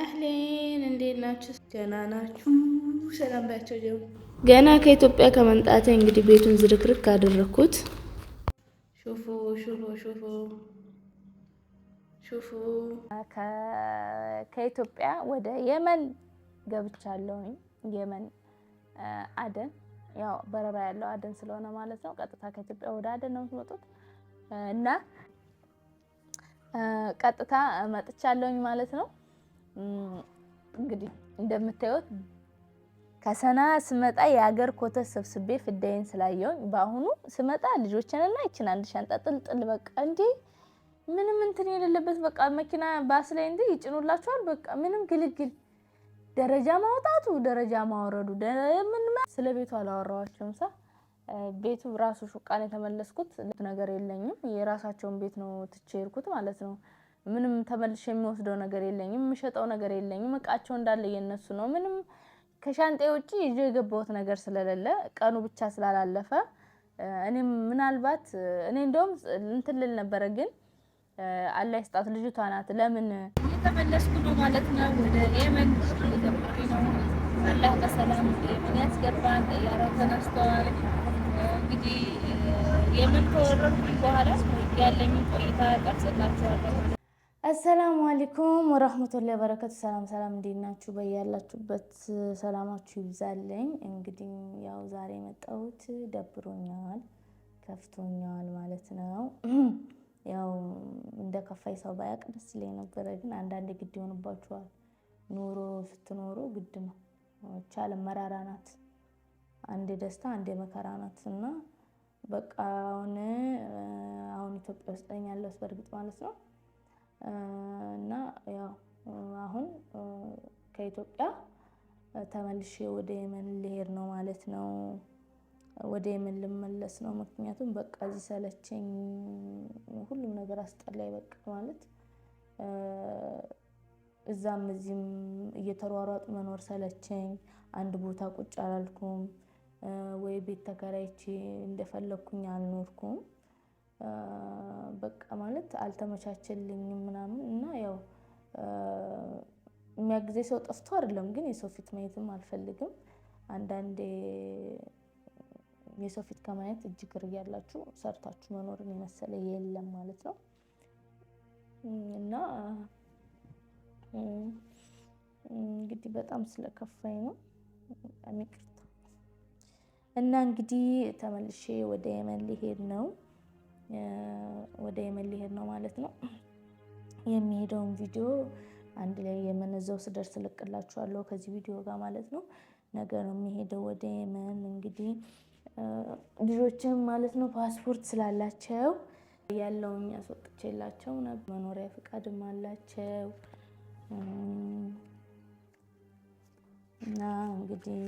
አህሌን እንዴት ናችሁ? ገና ናችሁ? ሰላም ባቸው ጀምሮ ገና ከኢትዮጵያ ከመምጣቴ እንግዲህ ቤቱን ዝርክርክ አደረኩት። ሹፉ ሹፉ ሹፉ ሹፉ ከኢትዮጵያ ወደ የመን ገብቻለሁ። የመን አደን፣ ያው በረራ ያለው አደን ስለሆነ ማለት ነው። ቀጥታ ከኢትዮጵያ ወደ አደን ነው የምትመጡት እና ቀጥታ መጥቻለሁኝ ማለት ነው። እንግዲህ እንደምታዩት ከሰና ስመጣ የሀገር ኮተት ሰብስቤ ፍዳዬን ስላየውኝ በአሁኑ ስመጣ ልጆችንና ይችን አንድ ሻንጣ ጥልጥል በቃ እንዴ ምንም እንትን የሌለበት በቃ መኪና ባስ ላይ እንዲ ይጭኑላችኋል። በቃ ምንም ግልግል ደረጃ ማውጣቱ ደረጃ ማውረዱ ምን ስለ ቤቱ አላወራዋቸውም ሳ ቤቱ ራሱ ሹቃን የተመለስኩት ነገር የለኝም። የራሳቸውን ቤት ነው ትቼ ሄድኩት ማለት ነው። ምንም ተመልሼ የሚወስደው ነገር የለኝም፣ የምሸጠው ነገር የለኝም። እቃቸው እንዳለ የነሱ ነው። ምንም ከሻንጤ ውጭ ይዞ የገባሁት ነገር ስለሌለ ቀኑ ብቻ ስላላለፈ እኔም ምናልባት እኔ እንደውም እንትን ልል ነበረ፣ ግን አላህ ይስጣት ልጅቷ ናት። ለምን የተመለስኩ ነው ማለት ነው። ወደ የመን አላህ በሰላም ምን ያስገባን። ያረብ ተነስተዋል። እንግዲህ የመን ከወረድኩ በኋላ ያለኝ ቆይታ ቀርጽላቸዋለሁ። አሰላሙ አለይኩም ወራህመቱላሂ ወበረካቱ። ሰላም ሰላም፣ እንዴት ናችሁ? በያላችሁበት ሰላማችሁ ይብዛልኝ። እንግዲህ ያው ዛሬ የመጣሁት ደብሮኛል፣ ከፍቶኛል ማለት ነው። ያው እንደ ከፋይ ሰው ባያቅ ደስ ይለኝ ነበረ፣ ግን አንዳንዴ ግድ ይሆንባችኋል። ኑሮ ስትኖሩ ግድ ነው። ቻለ መራራ ናት። አንዴ ደስታ አንዴ መከራ ናት እና በቃ አሁን አሁን ኢትዮጵያ ውስጥ ያለሁት በእርግጥ ማለት ነው እና ያው አሁን ከኢትዮጵያ ተመልሼ ወደ የመን ልሄድ ነው ማለት ነው። ወደ የመን ልመለስ ነው። ምክንያቱም በቃ እዚህ ሰለቸኝ፣ ሁሉም ነገር አስጠላይ። በቃ ማለት እዛም እዚህም እየተሯሯጡ መኖር ሰለቸኝ። አንድ ቦታ ቁጭ አላልኩም ወይ ቤት ተከራይቼ እንደፈለግኩኝ አልኖርኩም። በቃ ማለት አልተመቻቸልኝም ምናምን እና ያው የሚያግዜ ሰው ጠፍቶ አይደለም፣ ግን የሰው ፊት ማየትም አልፈልግም። አንዳንዴ የሰው ፊት ከማየት እጅግ እያላችሁ ሰርታችሁ መኖርን የመሰለ የለም ማለት ነው እና እንግዲህ በጣም ስለከፋኝ ነው ይቅርታ። እና እንግዲህ ተመልሼ ወደ የመን ሊሄድ ነው። ወደ የመን ሊሄድ ነው ማለት ነው። የሚሄደውን ቪዲዮ አንድ ላይ የመን እዛው ስደርስ እለቅላችኋለሁ ከዚህ ቪዲዮ ጋር ማለት ነው። ነገ ነው የሚሄደው ወደ የመን እንግዲህ ልጆችም ማለት ነው ፓስፖርት ስላላቸው ያለውን ያስወጥቼላቸው መኖሪያ ፈቃድም አላቸው እና እንግዲህ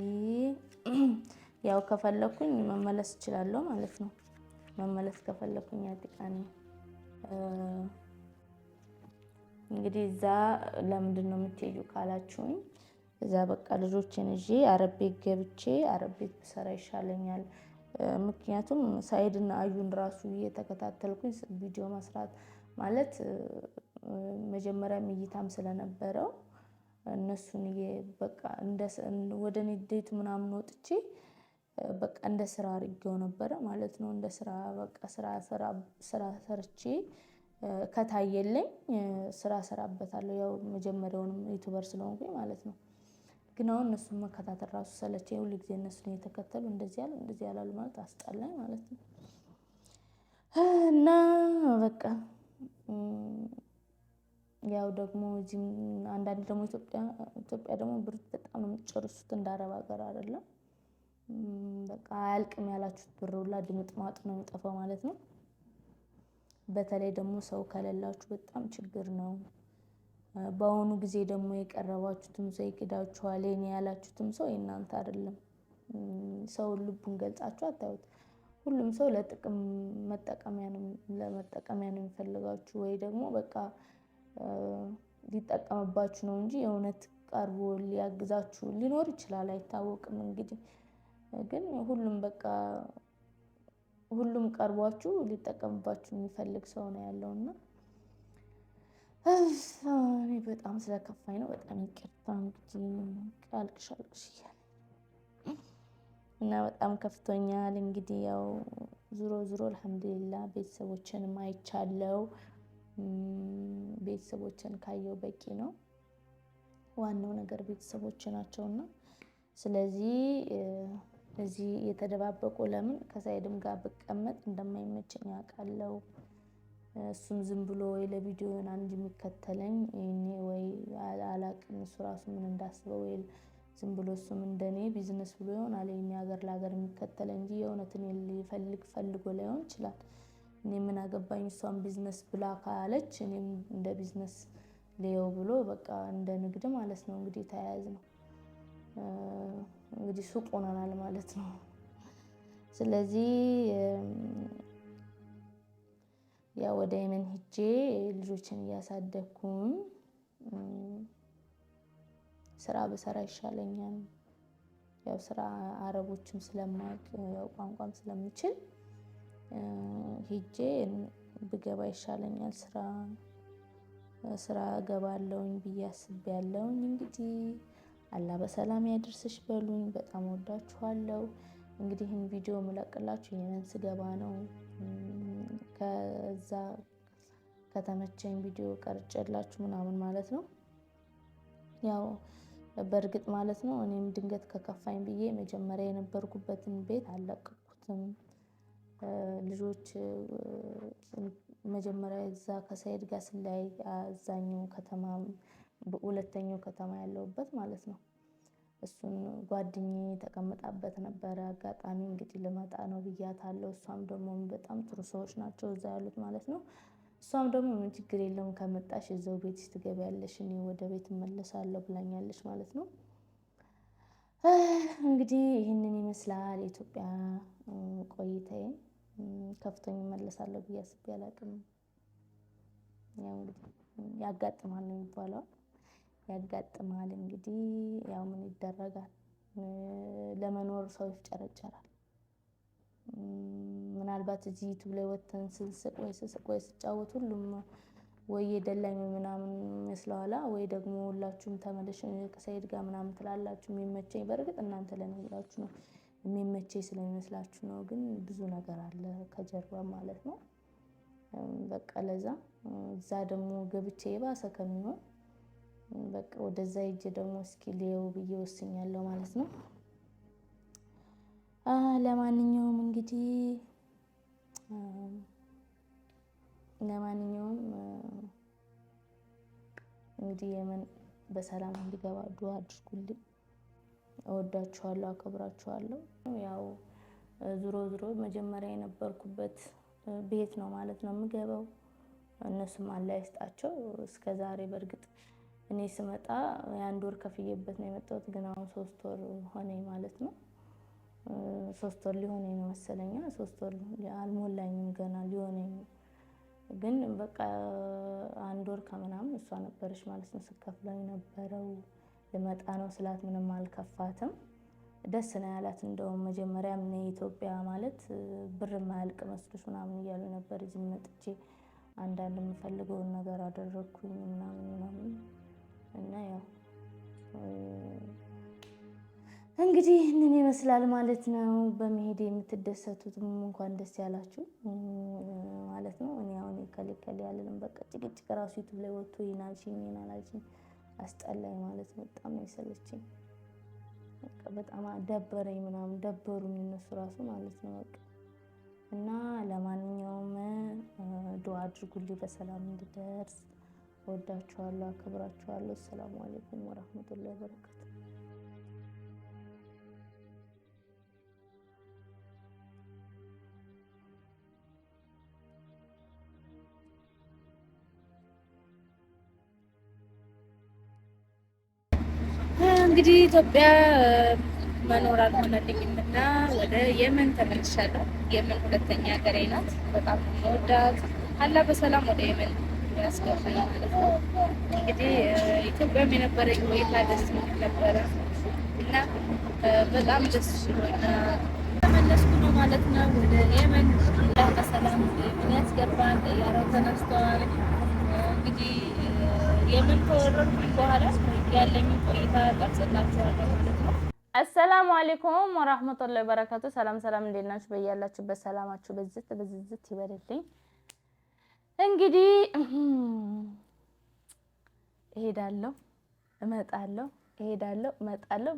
ያው ከፈለኩኝ መመለስ እችላለሁ ማለት ነው። መመለስ ከፈለኩኝ አዲቃኔ እንግዲህ እዛ ለምንድን ነው የምትሄዱ ካላችሁኝ፣ እዛ በቃ ልጆችን ይዤ አረብ ቤት ገብቼ አረብ ቤት ብሰራ ይሻለኛል። ምክንያቱም ሳይድና አዩን ራሱ እየተከታተልኩኝ ቪዲዮ መስራት ማለት መጀመሪያም እይታም ስለነበረው እነሱን በቃ ወደ ንዴት ምናምን ወጥቼ በቃ እንደ ስራ አድርጌው ነበረ ማለት ነው። እንደ ስራ በቃ ስራ ሰርቼ ከታየለኝ ስራ ሰራበታለሁ። ያው መጀመሪያውንም ዩቱበር ስለሆንኩኝ ማለት ነው። ግን አሁን እነሱ መከታተል ራሱ ሰለቸ። ሁል ጊዜ እነሱን እየተከተሉ እንደዚህ ያለ እንደዚህ ያላሉ ማለት አስጠላኝ ማለት ነው። እና በቃ ያው ደግሞ እዚህም አንዳንድ ደግሞ ኢትዮጵያ ደግሞ ብር በጣም ነው የምትጨርሱት፣ እንዳረብ ሀገር አይደለም። በቃ አያልቅም ያላችሁት ብር ሁላ ድምጥማጥ ነው የሚጠፋው ማለት ነው። በተለይ ደግሞ ሰው ከሌላችሁ በጣም ችግር ነው። በአሁኑ ጊዜ ደግሞ የቀረባችሁትም ሰው ይክዳችኋል። የኔ ያላችሁትም ሰው የእናንተ አይደለም። ሰውን ልቡን ገልጻችሁ አታዩት። ሁሉም ሰው ለጥቅም መጠቀሚያ ነው ለመጠቀሚያ ነው የሚፈልጋችሁ ወይ ደግሞ በቃ ሊጠቀምባችሁ ነው እንጂ የእውነት ቀርቦ ሊያግዛችሁ ሊኖር ይችላል፣ አይታወቅም እንግዲህ ግን ሁሉም በቃ ሁሉም ቀርቧችሁ ሊጠቀምባችሁ የሚፈልግ ሰው ነው ያለው እና እኔ በጣም ስለከፋኝ ነው። በጣም ይቅርታ እንግዲህ አልቅሽ አልቅሽ እያለ እና በጣም ከፍቶኛል። እንግዲህ ያው ዙሮ ዙሮ አልሐምዱሊላ ቤተሰቦችን አይቻለው። ቤተሰቦችን ካየው በቂ ነው። ዋናው ነገር ቤተሰቦች ናቸውና ስለዚህ እዚህ የተደባበቁ ለምን ከሳይድም ጋር ብቀመጥ እንደማይመቸኝ አውቃለሁ። እሱም ዝም ብሎ ወይ ለቪዲዮ ሆን አንድ የሚከተለኝ ይሄኔ ወይ አላቅም። እሱ ራሱ ምን እንዳስበው ወይ ዝም ብሎ እሱም እንደኔ ቢዝነስ ብሎ አለ ይሆናል ሀገር ለሀገር የሚከተለኝ እንጂ የእውነትን ሊፈልግ ፈልጎ ላይሆን ይችላል። እኔ ምን አገባኝ እሷን ቢዝነስ ብላ ካለች እኔም እንደ ቢዝነስ ሌየው ብሎ በቃ እንደ ንግድ ማለት ነው እንግዲህ ተያያዝ ነው። እንግዲህ ሱቅ ሆነናል ማለት ነው። ስለዚህ ያ ወደ የመን ሂጄ ልጆችን እያሳደግኩኝ ስራ በሰራ ይሻለኛል። ያው ስራ አረቦችም ስለማውቅ ያው ቋንቋም ስለምችል ሂጄ ብገባ ይሻለኛል ስራ ስራ ገባለውኝ ብዬ አስቤያለሁኝ እንግዲህ አላ በሰላም ያደርስሽ በሉኝ። በጣም ወዳችኋለሁ። እንግዲህ ይህን ቪዲዮ የምለቅላችሁ ይህንን ስገባ ነው። ከዛ ከተመቸኝ ቪዲዮ ቀርጨላችሁ ምናምን ማለት ነው ያው በእርግጥ ማለት ነው እኔም ድንገት ከከፋኝ ብዬ መጀመሪያ የነበርኩበትን ቤት አልለቀኩትም። ልጆች መጀመሪያ እዛ ከሰይድ ጋር ስለያይ አዛኙ ከተማ ሁለተኛው ከተማ ያለውበት ማለት ነው። እሱን ጓደኝ ተቀምጣበት ነበረ። አጋጣሚ እንግዲህ ልመጣ ነው ብያታለሁ። እሷም ደግሞ በጣም ጥሩ ሰዎች ናቸው እዛ ያሉት ማለት ነው። እሷም ደግሞ ምን ችግር የለውም ከመጣሽ እዛው ቤትሽ ትገቢያለሽ፣ እኔ ወደ ቤት እመለሳለሁ ብላኛለች ማለት ነው። እንግዲህ ይህንን ይመስላል የኢትዮጵያ ቆይታዬ። ከፍቶኝ እመለሳለሁ ብዬ አስቤ አላቅም። ያው እንግዲህ ያጋጥማል ነው የሚባለው። ያጋጥማል። እንግዲህ ያው ምን ይደረጋል፣ ለመኖር ሰው ይፍጨረጨራል። ምናልባት እዚህ ዩቱብ ላይ ወጥተን ስንስቅ ወይ ስስቅ ወይ ስጫወት ሁሉም ወይ የደላኝ ምናምን ይመስለዋላ፣ ወይ ደግሞ ሁላችሁም ተመለሽ ከሰይድ ጋር ምናምን ትላላችሁ። የሚመቸኝ በእርግጥ እናንተ ለነገራችሁ ነው የሚመቸኝ ስለሚመስላችሁ ነው። ግን ብዙ ነገር አለ ከጀርባ ማለት ነው። በቃ ለዛ እዛ ደግሞ ገብቼ የባሰ ከሚሆን በቃ ወደዛ ሂጅ ደግሞ እስኪ ሊየው ብዬ ወስኛለሁ ማለት ነው። ለማንኛውም እንግዲህ ለማንኛውም እንግዲህ የመን በሰላም እንዲገባ ዱአ አድርጉልኝ። እወዳችኋለሁ፣ አከብራችኋለሁ። ያው ዞሮ ዞሮ መጀመሪያ የነበርኩበት ቤት ነው ማለት ነው የምገባው። እነሱም አላህ ይስጣቸው እስከ ዛሬ በእርግጥ እኔ ስመጣ የአንድ ወር ከፍዬበት ነው የመጣሁት፣ ግን አሁን ሶስት ወር ሆነ ማለት ነው። ሶስት ወር ሊሆነ ነው መሰለኛ። ሶስት ወር አልሞላኝም ገና ሊሆነ ግን በቃ አንድ ወር ከምናምን እሷ ነበረች ማለት ነው ስከፍለኝ ነበረው። ልመጣ ነው ስላት ምንም አልከፋትም፣ ደስ ነው ያላት። እንደውም መጀመሪያም እኔ የኢትዮጵያ ማለት ብር ማያልቅ መስሎሽ ምናምን እያሉ ነበር። እዚህ መጥቼ አንዳንድ የምፈልገውን ነገር አደረግኩኝ ምናምን ምናምን እና ያው እንግዲህ ይህንን ይመስላል ማለት ነው። በመሄድ የምትደሰቱትም እንኳን ደስ ያላችሁ ማለት ነው። እኔ አሁን ይከልከል ያለንም በቃ ጭቅጭቅ ራሱ ዩቱብ ላይ ወጥቶ ይናልሽኝ ይናላልሽኝ አስጠላኝ ማለት ነው። በጣም ነው የሰለችኝ። በቃ በጣም ደበረኝ ምናምን ደበሩ እነሱ ራሱ ማለት ነው። በቃ እና ለማንኛውም ዱዓ አድርጉልኝ በሰላም እንድደርስ ወዳችኋለሁ፣ አክብራችኋለሁ። አሰላሙ አሌይኩም ወረህመቱላሂ ወበረካቱ። እንግዲህ ኢትዮጵያ መኖር አልሆነልኝም እና ወደ የመን ተመልሻለሁ። የመን ሁለተኛ ሀገሬ ናት። በጣም ወዳት አላ በሰላም ወደ የመን ያስገባኝ ማለት እንግዲህ ኢትዮጵያም የነበረኝ ቆይታ ደስ የሚል ነበረ እና በጣም ደስ ይሆነ ተመለስኩ ነው ማለት ነው። ወደ የመን ላ በሰላም ምን ያስገባል ያረው ተነስተዋል። እንግዲህ የመን ከወረድኩኝ በኋላ ያለኝ ቆይታ ቀርጽላችኋለሁ ማለት ነው። አሰላሙ አሌይኩም ወራህመቱላሂ በረካቱ። ሰላም ሰላም፣ እንዴት ናችሁ? በያላችሁበት ሰላማችሁ በዝት በዝዝት ይበልልኝ። እንግዲህ እሄዳለሁ እመጣለሁ እሄዳለሁ እመጣለሁ።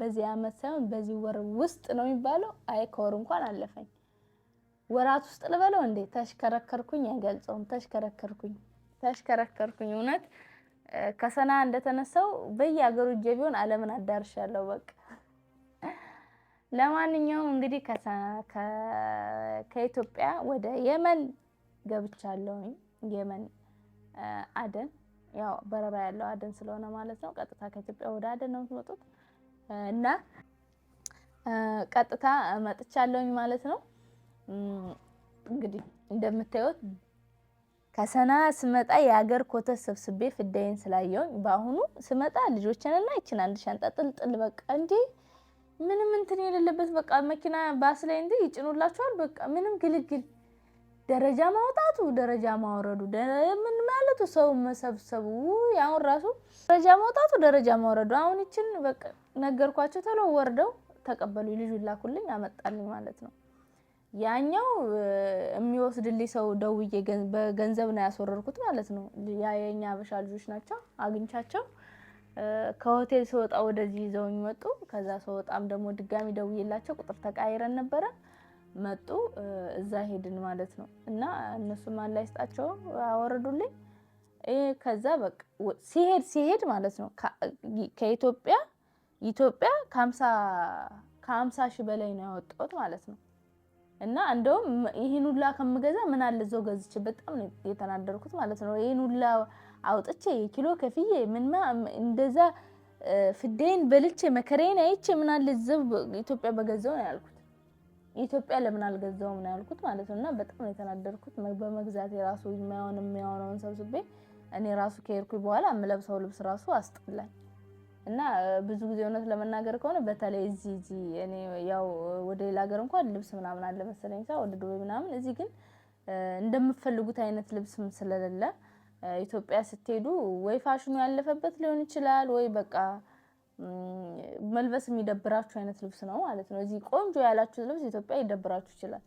በዚህ አመት ሳይሆን በዚህ ወር ውስጥ ነው የሚባለው። አይ ከወር እንኳን አለፈኝ። ወራት ውስጥ ልበለው እንዴ? ተሽከረከርኩኝ፣ አይገልጸውም። ተሽከረከርኩኝ፣ ተሽከረከርኩኝ። እውነት ከሰና እንደተነሳው በየሀገሩ እጄ ቢሆን ዓለምን አዳርሻለሁ። በቃ ለማንኛውም እንግዲህ ከኢትዮጵያ ወደ የመን ገብቻለሁኝ የመን አደን፣ ያው በረራ ያለው አደን ስለሆነ ማለት ነው። ቀጥታ ከኢትዮጵያ ወደ አደን ነው የምትመጡት እና ቀጥታ መጥቻለሁኝ ማለት ነው። እንግዲህ እንደምታዩት ከሰና ስመጣ የሀገር ኮተት ሰብስቤ ፍዳይን ስላየውኝ በአሁኑ ስመጣ ልጆችንና ይችን አንድ ሻንጣ ጥልጥል በቃ እንዲ ምንም እንትን የሌለበት በቃ መኪና ባስ ላይ እንዲ ይጭኑላችኋል። በቃ ምንም ግልግል ደረጃ ማውጣቱ ደረጃ ማውረዱ ምን ማለቱ ሰው መሰብሰቡ አሁን ራሱ ደረጃ ማውጣቱ ደረጃ ማውረዱ አሁን ይችን ነገርኳቸው ተለው ወርደው ተቀበሉ ልጁ ላኩልኝ አመጣልኝ ማለት ነው። ያኛው የሚወስድልኝ ሰው ደውዬ በገንዘብ ነው ያስወረርኩት ማለት ነው። ያ የኛ አበሻ ልጆች ናቸው አግኝቻቸው ከሆቴል ስወጣ ወደዚህ ይዘውኝ መጡ። ከዛ ስወጣም ደግሞ ድጋሚ ደውዬላቸው ቁጥር ተቃይረን ነበረ መጡ። እዛ ሄድን ማለት ነው እና እነሱም አላ ይስጣቸው አወረዱልኝ። ከዛ በቃ ሲሄድ ሲሄድ ማለት ነው ከኢትዮጵያ ኢትዮጵያ ከአምሳ ሺህ በላይ ነው ያወጣሁት ማለት ነው። እና እንደውም ይህን ሁላ ከምገዛ ምን አለ እዛው ገዝቼ በጣም ነው የተናደርኩት ማለት ነው። ይህን ሁላ አውጥቼ የኪሎ ከፍዬ ምንማ እንደዛ ፍዴን በልቼ መከሬን አይቼ ምን አለ እዛው ኢትዮጵያ በገዛው ነው ያልኩት። ኢትዮጵያ ለምን አልገዛውም ነው ያልኩት ማለት ነው። እና በጣም ነው የተናደርኩት በመግዛት የራሱ የማይሆን የሚያሆነውን ሰብስቤ እኔ ራሱ ከሄድኩኝ በኋላ የምለብሰው ልብስ ራሱ አስጠላኝ። እና ብዙ ጊዜ እውነት ለመናገር ከሆነ በተለይ እዚህ እዚህ እኔ ያው ወደ ሌላ ሀገር እንኳን ልብስ ምናምን አለ መሰለኝ ሳ ወደ ዱባይ ምናምን፣ እዚህ ግን እንደምፈልጉት አይነት ልብስም ስለሌለ ኢትዮጵያ ስትሄዱ ወይ ፋሽኑ ያለፈበት ሊሆን ይችላል ወይ በቃ መልበስ የሚደብራችሁ አይነት ልብስ ነው ማለት ነው። እዚህ ቆንጆ ያላችሁት ልብስ ኢትዮጵያ ይደብራችሁ ይችላል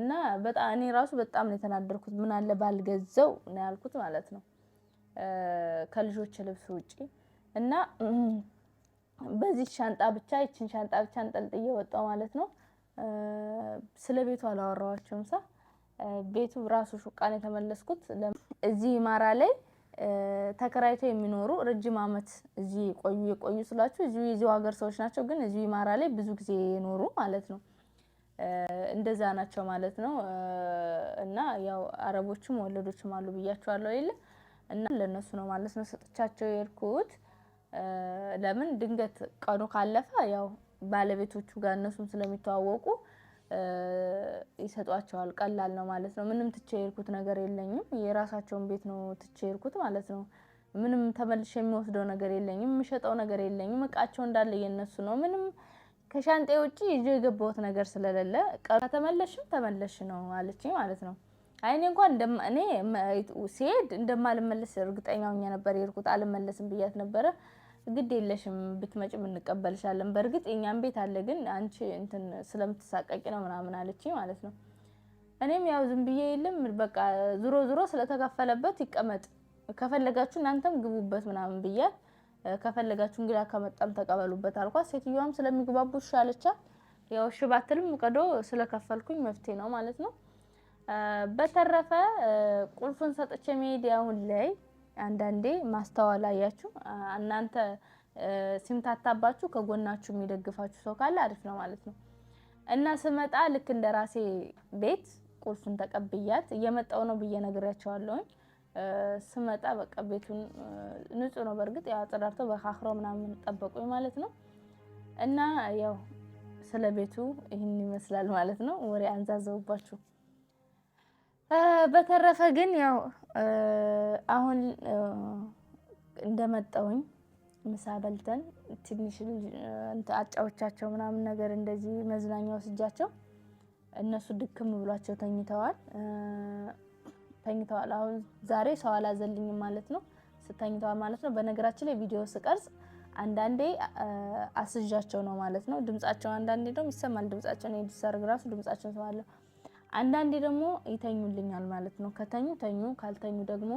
እና በጣም እኔ ራሱ በጣም ነው የተናደርኩት። ምን አለ ባልገዘው ነው ያልኩት ማለት ነው ከልጆች ልብስ ውጪ እና በዚህ ሻንጣ ብቻ ይችን ሻንጣ ብቻ እንጠልጥዬ ወጣው ማለት ነው። ስለ ቤቱ አላወራዋቸውም ሳ ቤቱ ራሱ ሹቃን የተመለስኩት እዚህ ማራ ላይ ተከራይቶ የሚኖሩ ረጅም ዓመት እዚህ ቆዩ የቆዩ ስላችሁ እዚሁ የዚሁ ሀገር ሰዎች ናቸው፣ ግን እዚሁ ማራ ላይ ብዙ ጊዜ የኖሩ ማለት ነው። እንደዛ ናቸው ማለት ነው። እና ያው አረቦችም ወለዶችም አሉ ብያቸዋለሁ የለ እና ለእነሱ ነው ማለት ነው ሰጥቻቸው የሄድኩት። ለምን ድንገት ቀኑ ካለፈ ያው ባለቤቶቹ ጋር እነሱም ስለሚተዋወቁ ይሰጧቸዋል። ቀላል ነው ማለት ነው። ምንም ትቼ የሄድኩት ነገር የለኝም። የራሳቸውን ቤት ነው ትቼ የሄድኩት ማለት ነው። ምንም ተመልሼ የሚወስደው ነገር የለኝም። የምሸጠው ነገር የለኝም። እቃቸው እንዳለ የነሱ ነው። ምንም ከሻንጤ ውጭ ይዤ የገባሁት ነገር ስለሌለ ከተመለሽም ተመለሽ ነው አለችኝ ማለት ነው። አይኔ እንኳን እኔ ሲሄድ እንደማልመለስ እርግጠኛ ሆኜ ነበር የሄድኩት። አልመለስም ብያት ነበረ ግድ የለሽም ብትመጭም እንቀበልሻለን። በእርግጥ የእኛም ቤት አለ፣ ግን አንቺ እንትን ስለምትሳቀቂ ነው ምናምን አለች ማለት ነው። እኔም ያው ዝም ብዬ የለም በቃ ዝሮ ዝሮ ስለተከፈለበት ይቀመጥ፣ ከፈለጋችሁ እናንተም ግቡበት ምናምን ብያት፣ ከፈለጋችሁ እንግዳ ከመጣም ተቀበሉበት አልኳት። ሴትዮዋም ስለሚግባቡ እሺ አለቻት። ያው እሺ ባትልም ቀዶ ስለከፈልኩኝ መፍትሄ ነው ማለት ነው። በተረፈ ቁልፉን ሰጥቼ መሄድ አሁን ላይ አንዳንዴ ማስተዋል አያችሁ እናንተ ሲምታታባችሁ ከጎናችሁ የሚደግፋችሁ ሰው ካለ አሪፍ ነው ማለት ነው። እና ስመጣ ልክ እንደ ራሴ ቤት ቁልፉን ተቀብያት እየመጣው ነው ብዬ ነግሬያቸዋለሁኝ። ስመጣ በቃ ቤቱን ንጹህ ነው። በእርግጥ ያው አጸዳርተው በካክሮ ምናምን ጠበቁኝ ማለት ነው። እና ያው ስለ ቤቱ ይህን ይመስላል ማለት ነው። ወሬ አንዛዘቡባችሁ። በተረፈ ግን ያው አሁን እንደመጣውኝ ምሳ በልተን ትንሽ አጫዎቻቸው ምናምን ነገር እንደዚህ መዝናኛ ወስጃቸው እነሱ ድክም ብሏቸው ተኝተዋል ተኝተዋል። አሁን ዛሬ ሰው አላዘልኝም ማለት ነው ስተኝተዋል ማለት ነው። በነገራችን ላይ ቪዲዮ ስቀርጽ አንዳንዴ አስዣቸው ነው ማለት ነው። ድምጻቸው አንዳንዴ ደግሞ ይሰማል። ድምጻቸው ኤዲት ሳደርግ ራሱ ድምጻቸውን ሰማለሁ። አንዳንዴ ደግሞ ይተኙልኛል ማለት ነው። ከተኙ ተኙ፣ ካልተኙ ደግሞ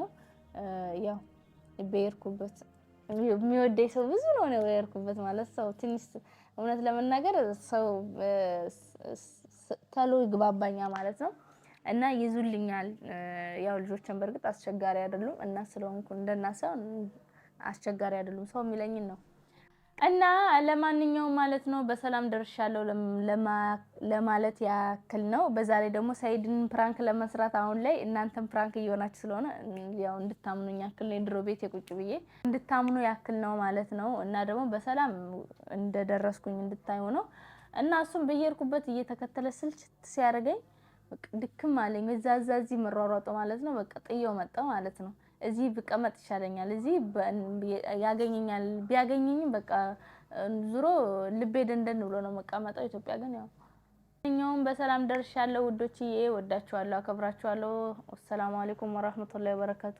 ያው በየርኩበት የሚወደኝ ሰው ብዙ ነው ነው በየርኩበት ማለት ሰው ትንሽ እውነት ለመናገር ሰው ተሎ ይግባባኛ ማለት ነው። እና ይዙልኛል። ያው ልጆችን በእርግጥ አስቸጋሪ አይደሉም እና ስለሆንኩ እንደናሰው አስቸጋሪ አይደሉም። ሰው የሚለኝን ነው እና ለማንኛውም ማለት ነው በሰላም ደርሻለሁ ለማለት ያክል ነው። በዛ ላይ ደግሞ ሳይድን ፕራንክ ለመስራት አሁን ላይ እናንተም ፕራንክ እየሆናችሁ ስለሆነ ያው እንድታምኑኝ ያክል ነው የድሮ ቤት የቁጭ ብዬ እንድታምኑ ያክል ነው ማለት ነው። እና ደግሞ በሰላም እንደደረስኩኝ እንድታዩ ነው። እና እሱም በየርኩበት እየተከተለ ስልችት ሲያደርገኝ ድክም አለኝ። እዛ እዛ እዚህ መሯሯጦ ማለት ነው። በቃ ጥየው መጣው ማለት ነው። እዚህ ብቀመጥ ይሻለኛል፣ እዚህ ያገኘኛል። ቢያገኘኝም በቃ ዙሮ ልቤ ደንደን ብሎ ነው መቀመጠው። ኢትዮጵያ ግን ያው ኛውም በሰላም ደርሻለሁ። ውዶችዬ፣ ወዳችኋለሁ፣ አከብራችኋለሁ። አሰላሙ አለይኩም ወራህመቱላሂ ወበረካቱ።